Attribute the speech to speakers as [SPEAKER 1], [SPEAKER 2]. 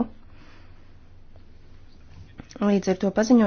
[SPEAKER 1] Līdz ar to paziņo.